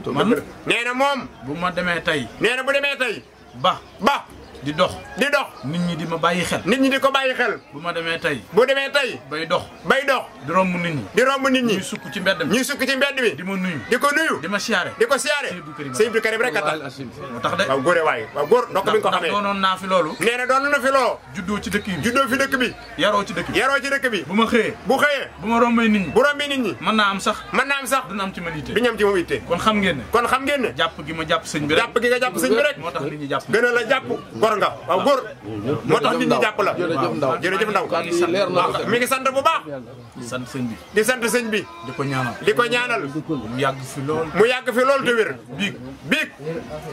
Speaker 3: nee na moom bu ma demee tey nee na bu demee tey ba ba di dox di dox nit ñi di ma bàyyi xel nit ñi di ko bàyyi xel bu ma demee tey bu demee tey bay dox bay dox di romb nit ñi di romb nit ñi ñuy sukk ci mbedd mi ñuy sukk ci mbedd bi di ma nuyu di ko nuyu di ma siyaare di ko siyaare sëñ Abdou Karim rek a tax moo tax de waaw góore waaye waaw góor ndokk loolu nee doon na fi loolu juddoo ci dëkk juddoo fi dëkk bi yaroo ci dëkk bi bu ma xëyee bu xëyee bu ma rombee nit ñi bu rombee nit ñi mën naa am sax mën naa du na am ci kon xam ngeen ne kon xam ngeen ne jàpp gi ma jàpp sëñ moo tax góor nga waaw góor moo tax nit ñi jàpp la jërëjëf ndaw mi ngi sant bu baax di sant sëñ bi di sant sëñ bi di ko ñaanal di ko ñaanal mu yàgg fi lool mu yàgg fi lool te wér biig biig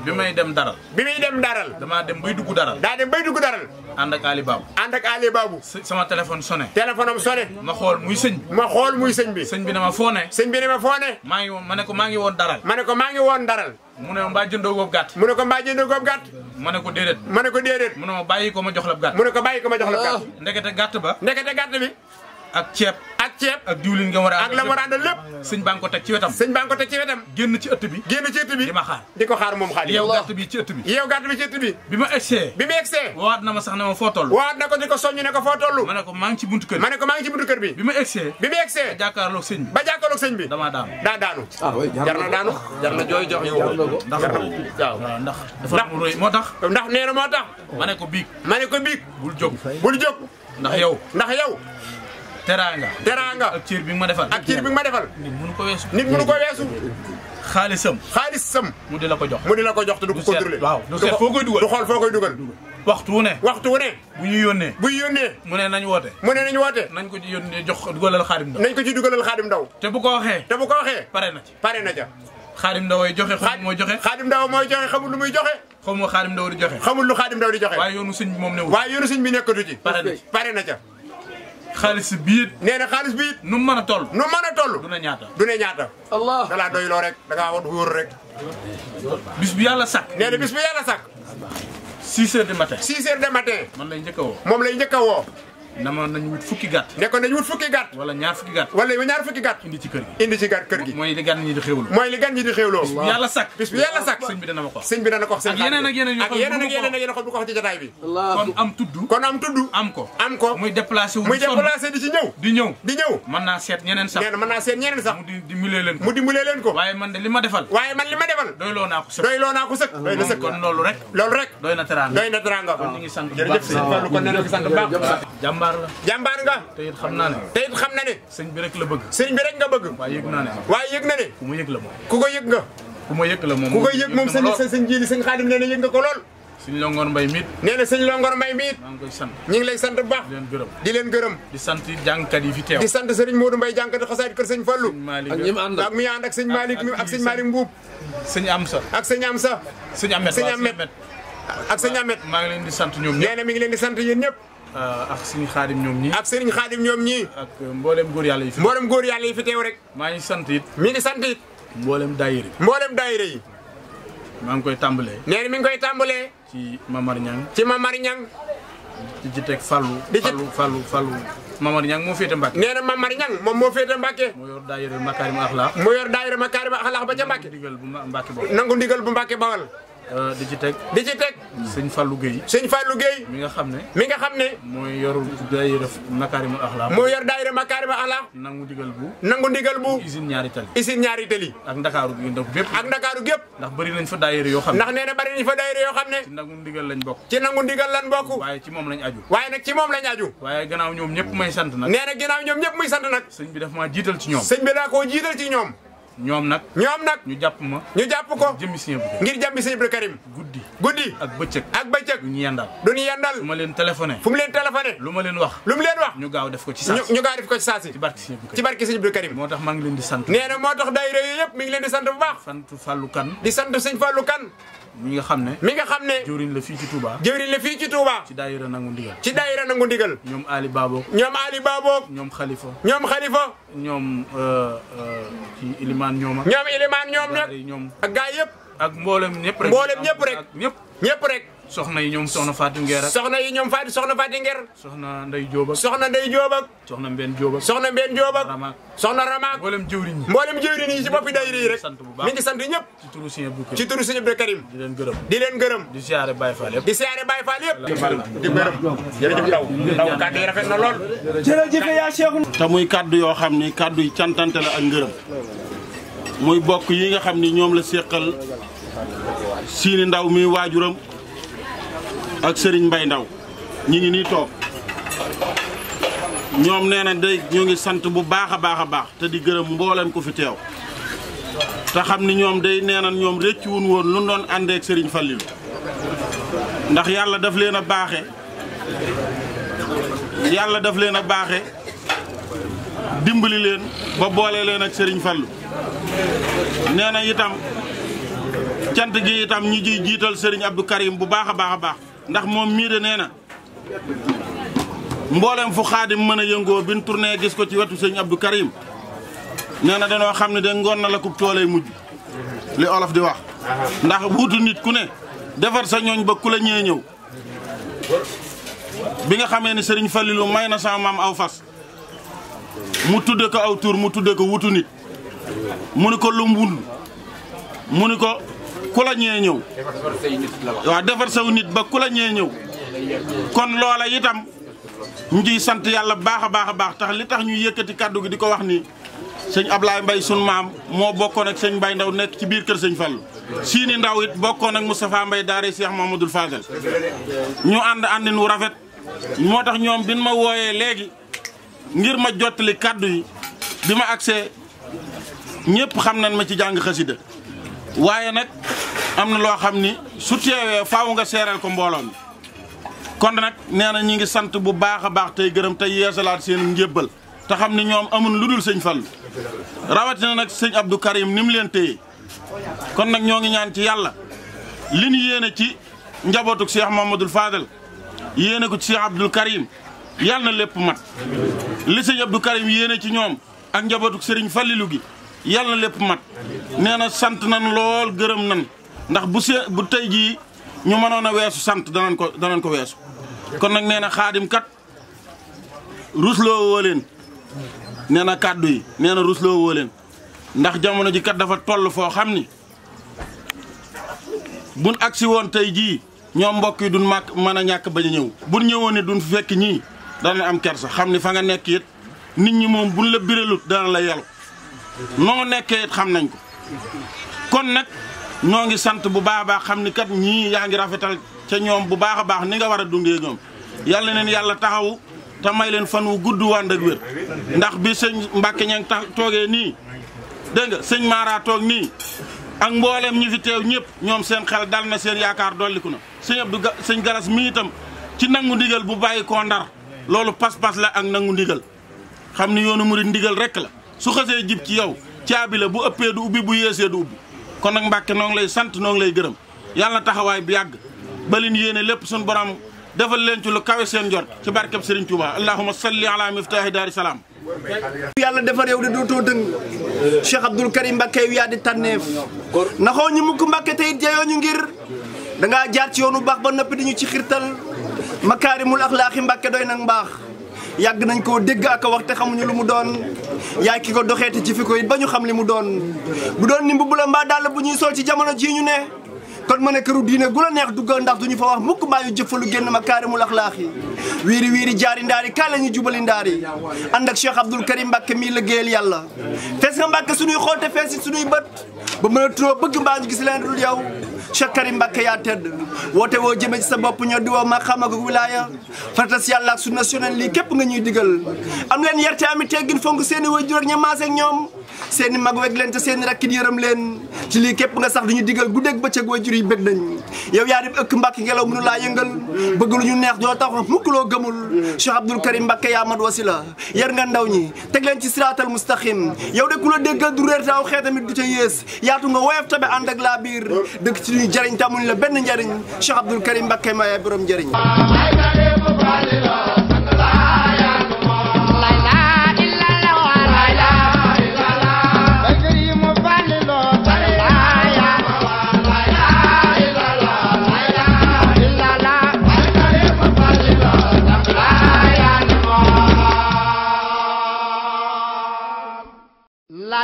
Speaker 5: bi may dem daral
Speaker 3: bi may dem daral damaa dem bay dugg daral daa dem bay dugg daral ànd ak Ali Babou ànd ak Ali Babou sama téléphone sonné téléphone am sonné ma xool mu sëñ ma xool mu sëñ bi sëñ bi ne ma foo ne sëñ bi ne ma foo maa ngi woon ma ne ko maa ngi woon daral ma ko maa ngi woon daral mu ne mbaa jëndoo góob gàtt mu ne ko mbaa jëndoo góob gàtt ma ne ko déedéet ma ne ko déedéet mu ne ma bàyyi ko ma jox la gàtt mu ne ko bàyyi ko ma a la gàtt oh, ndekete gàtt ba ndekete gàtt bi ak ceeb ceeb ak diwlin nga war a ak la a àndal lépp sëñ baa ngi ko teg ci wetam sëñ baa ngi ko teg ci wetam génn ci ëtt bi di ma xaar di ko xaar moom xaalis yow gàtt bi ci ëtt bi yow gàtt bi ci ëtt bi bi ma egsee bi ma egsee waat na ma sax ne ma foo toll na ko di ko ma ne bi ma egsee bi ma egsee jàkkaarloog ba jàkkaarloog sëñ bi damaa daanu daa daanu
Speaker 1: ah, jar na daanu jar na jooy jox
Speaker 3: ndax waaw ndax moo tax ndax nee moo tax ma ne ko biig ma ne ko biig bul jóg ndax yow ndax yow teraanga teraanga ak cër bi ma defal ak cër bi ma defal nit mënu ko weesu nit mënu ko weesu xaalisam xaalisam mu di la ko jox mu di ko jox te du ko contrôler waaw du seet foo koy dugal du xool foo koy dugal waxtu wu ne waxtu wu bu ñu yónnee bu ñu yónnee mu ne nañ woote mu ne nañ woote nañ ko ci yónnee jox dugalal xaadim ndaw nañ ko ci dugalal xaadim ndaw te bu ko waxee te bu ko waxee pare na ci pare na ca xaadim ndaw ay joxe xamul mooy joxe xaadim ndaw mooy joxe xamul lu muy joxe xamul xaadim ndaw di joxe xamul lu xaadim ndaw di joxe waaye yoonu sëñ bi moom newul waaye yoonu sëñ bi nekkatu ci pare na ca xaalis biit nee na xaalis biit nu mën a toll nu mën a toll du ne ñaata du ne ñaata allah da laa doy rek da ngaa war wóor rek bis bu yàlla sàkk nee na bis bu yàlla sàkk six heures du matin six heures du matin man lay njëkk a woo moom lay njëkk a woo nama nañu wut fukki gàtt ne ko nañu wut fukki gàtt wala ñaar fukki gàtt wala ñaar fukki gàtt indi ci kër gi indi ci gàtt kër gi mooy li gan ñi di xéwloo mooy li gan ñi di xéwloo bis bu yàlla sàkk bis bu yàlla sàkk sëñ bi dana ma ko sëñ bi dana ko wax ak yeneen ak yeneen ak yeneen ak yeneen ak yeneen du ko wax ci jotaay bi kon am tudd kon am tudd am ko am ko muy déplacé wu muy déplacé di ci ñëw di ñëw di ñëw mën naa seet ñeneen sax nee na mën naa seet ñeneen sax mu di dimbalee leen ko mu dimbalee leen ko waaye man de li ma defal waaye man li ma defal doy loo naa ko sëkk doy loo naa ko sëkk doy na sëkk kon loolu rek loolu rek doy na teraanga doy na teraanga kon ñu ngi sant jërëjëf sëñ Fallou kon nee na ko sant baax jàmbaar la jàmbaar nga te it xam naa ne te it xam na ne sëñ bi rek la bëgg sëñ bi rek nga bëgg waaye yëg naa ne waaye yëg na ne ku ma yëg la moom ku ko yëg nga ku ma yëg la moom ku ko yëg moom sëñ sëñ jili sëñ xaadim nee na yëg nga ko lool sëñ Longoor Mbay miit nee na sëñ Longoor Mbay miit maa ngi koy sant ñu ngi lay sant bu baax di leen gërëm di leen gërëm di sant jàngkat yi fi teew di sant sëriñ Modou Mbay jàngkat xasaayit kër sëñ Fallu ak mi ànd ak sëñ Malick mi ak sëñ Malick Mbuub sëñ Amsa ak sëñ Amsa sëñ Amet sëñ Amet ak sëñ Amet maa ngi leen di sant ñoom ñëpp nee na mi ngi leen di sant yéen ñëpp Euh, ak Serigne Khadim ñoom ñi ak Serigne Khadim ñoom ñi ak euh, mboolem góor yàlla yi fi mboolem góor yàlla yi fi teew rek maa ngi sant it mi ngi sant it mboolem daayira yi mboolem daayira yi maa ngi koy tàmbalee nee na mi ngi koy tàmbalee ci Mamar Ñang ci Mamar Ñang ci teg Fallou Fallou Fallou Fallou
Speaker 2: Mamar Ñang moo féete Mbàkke nee na
Speaker 3: Mamar Ñang moom moo féete Mbàkke mu yor daayira Makarim Akhlaq mu yor daayira ba ca Mbàkke ndigal bu Mbàkke Bawal nangu bu Mbàkke Bawal di ci teg di ci teg sëñ Fallou Guèye sëñ Fallou Guèye mi nga xam ne mi nga xam ne mooy yoru daayira makaarimul
Speaker 1: axlaaq moo yor
Speaker 3: daayira makaarimul axlaaq nangu ndigal bu nangu ndigal bu usine ñaari tali usine ñaari tali ak ndakaaru gi ndaw bépp ak ndakaaru gépp
Speaker 2: ndax bëri nañ fa daayira yoo xam
Speaker 3: ne ndax nee na bëri nañ fa daayira yoo xam ne ci nangu ndigal lañ bokk ci nangu ndigal lañ bokk waaye ci moom lañ aju waaye nag ñoom ñëpp may sant nag nee na gannaaw ñoom ñëpp muy sant nag sëñ bi daf maa jiital ci ñoom sëñ bi daa jiital ci ñoom ñoom nag ñoom nag ñu jàpp ma ñu jàpp ko jëmmi sëñ Abdou ngir jàmmi sëñ Abdou Karim guddi guddi ak bëccëg ak bëccëg du ñu yendal du ñu yendal fu ma leen téléphoné fu mu leen téléphoné lu ma leen wax lu mu leen wax ñu gaaw def ko ci saasi ñu gaaw def ko ci saasi ci barki sëñ Karim moo tax maa ngi leen di sant nee moo tax daayira yooyu yëpp mi ngi leen di sant bu baax sant kan Kane di sant sëñ Fallou Kane mi nga xam ne mi nga xam ne jëwriñ la fii ci Touba jëwriñ la fii ci Touba ci daayira nangu ndigal ci daayira nangu ndigal ñoom Ali Babook ñoom Ali Babook ñoom Khalifa ñoom Khalifa ñoom ci euh, euh, Ilimaan ñoom ak ñoom Ilimaan ñoom nag ak gaa yëpp ak mboolem ñëpp rek mboolem ñëpp rek ñëpp ñëpp rek soxna yi ñoom soxna Fatou Nguer ak soxna yi ñoom Fatou soxna Fatou Nguer soxna Ndey Jóob ak soxna Ndey Jóob ak soxna Mbeen Jóob ak soxna Mbeen Jóob ak soxna Ramaak mboolem jëwriñ yi mboolem jëwriñ yi ci boppi day rek mi ngi sant ñëpp ci turu Sëñ Abdou Karim ci turu Sëñ Abdou Karim di leen gërëm di leen gërëm di siyaare Baye Fall yëpp di siyaare Baye Fall yëpp
Speaker 5: di gërëm jërëjëf taw taw kàddu yi rafet na lool jërëjëf kàddu yoo xam ni kàddu yi cantante la ak ngërëm muy bokk yi nga xam ni ñoom la séqal siini ndaw mi waajuram ak sëriñ mbay Ndaw ñi ngi nii toog ñoom nee na day ñu ngi sant bu baax a baax a baax te di gërëm mbooleem ku fi teew te xam ni ñoom day nee na ñoom rëcc wuñ woon lu doon àndee sëriñ Serigne Fallilou ndax yàlla daf leen a baaxe yàlla daf leen a baaxe dimbali leen ba boole leen ak sëriñ Fallou nee na itam cant gi itam ñu jiy jiital Serigne Abdou Karim bu baax a baax a baax ndax moom miire nee na mboolem fu xaadim mën a yëngoo bin tourné gis ko ci wetu sëñ Abdou Karim nee na danoo xam ne de ngoon na la kub toolay mujj li olof di wax ndax wuutu nit ku ne defar sa ñooñ ba ku la ñee ñëw bi nga xamee ne sëriñ Fallilu may na sa maam aw fas mu tudd ko aw tuur mu tudde ko wutu nit mu ni ko lum wund mu ni ko ku la ñee ñëw waaw defar saw nit ba ku la ñee ñëw kon loola itam ñu ciy sant yàlla baax a baax a baax tax li tax ñuy yëkkati kàddu gi di ko wax nii sëñ Ablaye mbay sunu maam moo bokkoon ak sëñ Mbaye Ndaw nekk ci biir kër sëñ Fallu siini ndaw it bokkoon ak Moustapha Mbaye daare Cheikh Mamadou Fadel ñu ànd àndin wu rafet moo tax ñoom bin ma wooyee léegi ngir ma jottali kàddu yi bi ma agsee ñëpp xam nañ ma ci jàng xasida waaye nag am na loo xam ni su teewee faaw nga seereel ko mbooloo mi kon nag nee na ñi ngi sant bu baax a baax tey gërëm tey yeesalaat seen njébbal te xam ni ñoom amul lu dul sëñ Fallu rawatina nag sëñ Abdou Karim nim leen téye kon nag ñoo ngi ñaan ci yàlla li ñu yéene ci njabootuk Cheikh Mamadou Fadel yéene ko ci Cheikh Abdou Karim yal na lépp mat li sëñ Abdou Karim yéene ci ñoom ak njabootuk Serigne Fallilou gi yàlla na lépp mat nee na sant nan lool gërëm nan ndax bu see bu tey jii ñu mënoon a weesu sant danañ ko danañ ko weesu kon nag nee na xaadim kat rusloo woo leen nee na kàddu yi nee na rusloo woo leen ndax jamono ji kat dafa toll foo xam ni buñ agsi woon tey jii ñoo mbokk yi duñ màkk mën a ñàkk ba a ñëw buñ ñëwoon ne duñ fi fekk ñii danañ am kersa xam ni fa nga nekk it nit ñi moom buñ la biralut dana la yelu noo nekkee xam nañ ko kon nag ñoo ngi sant bu baax a baax xam ni kat ñii yaa ngi rafetal ca ñoom bu baax a baax ni nga war a dundee ñoom yàlla neen yàlla taxawu te leen fan wu gudd wànd ak ndax bi sëñ Mbàkke ña toogee nii dégg nga sëñ Mara toog nii ak mboolem ñi fi teew ñëpp ñoom seen xel dal na seen yaakaar dolliku na sëñ Abdou sëñ Galas mi itam ci nangu ndigal bu bàyyi koo ndar loolu pas-pas la ak nangu ndigal xam ni yoonu murit ndigal rek la su xasee jib ci yow caabi la bu ëppee du ubbi bu yeesee du ubbi kon nag Mbàkke noo ngi lay sant noo lay gërëm yàlla na taxawaay bi yàgg balin yéene lépp suñu borom defal leen ci lu kawe seen njort ci barkeb Serigne Touba allahuma salli ala miftaahi
Speaker 1: daari salaam yàlla defar yow de dootoo dëng Cheikh Abdoul Karim Mbacke yu yaa di tànneef naxoo ñu mukk Mbacke tey jayoo ñu ngir dangaa jaar ci yoonu baax ba noppi di ci xirtal makaarimul axlaaqi Mbacke doy nag mbaax yàgg nañ ko dégg ak wax te xamuñu lu mu doon yaay ki ko doxeeti ci fi ko it ba ñu xam li mu doon bu doon ni mbubb la mbaa dàll bu ñuy sol ci jamono jii ñu ne kon ma ne këru diine gu la neex duggal ndax duñu fa wax mukk mbaayu jëfalu génn ma kaarimul axlaax yi wiiri wiiri jaari ndaari kaa la ñu jubali ndaari ànd ak Cheikh Abdoul Karim Mbàkke mii liggéeyal yàlla fees nga Mbàkke suñuy xool te fees it suñuy bët ba mën a tunoo bëgg mbaa ñu gis leen dul yow Cheikh Karim Mbàkke yaa tedd woote woo jëme ci sa bopp ñoo di woo ma xam ak wilaaya fartas yàlla ak sunna lii képp nga ñuy digal am leen yarte ami seen i ñoom seen i mag weg leen te seen i rakkit leen ci lii képp nga sax duñu digal guddeeg bëccëg waajur yi bëgg nañ yow yaa dem ëkk mbàkk ngelaw mënu laa yëngal bëgg lu ñu neex doo tax mukk loo gëmul Cheikh Abdoul Karim Mbacké yaa mat wasila yar nga ndaw ñi teg leen ci siraatal mustaqim yow de ku la déggal du réer taaw xee tamit du te yées yaatu nga woyof tabe ànd ak laa biir dëkk ci luñu jariñ tamuñ la benn njariñ Cheikh Abdoul Karim Mbacké ma yaay borom njariñ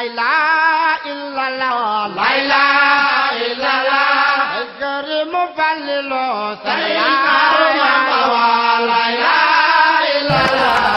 Speaker 1: ilaha illallah la ilaha illallah karim fallilo sayyidu la ilaha illallah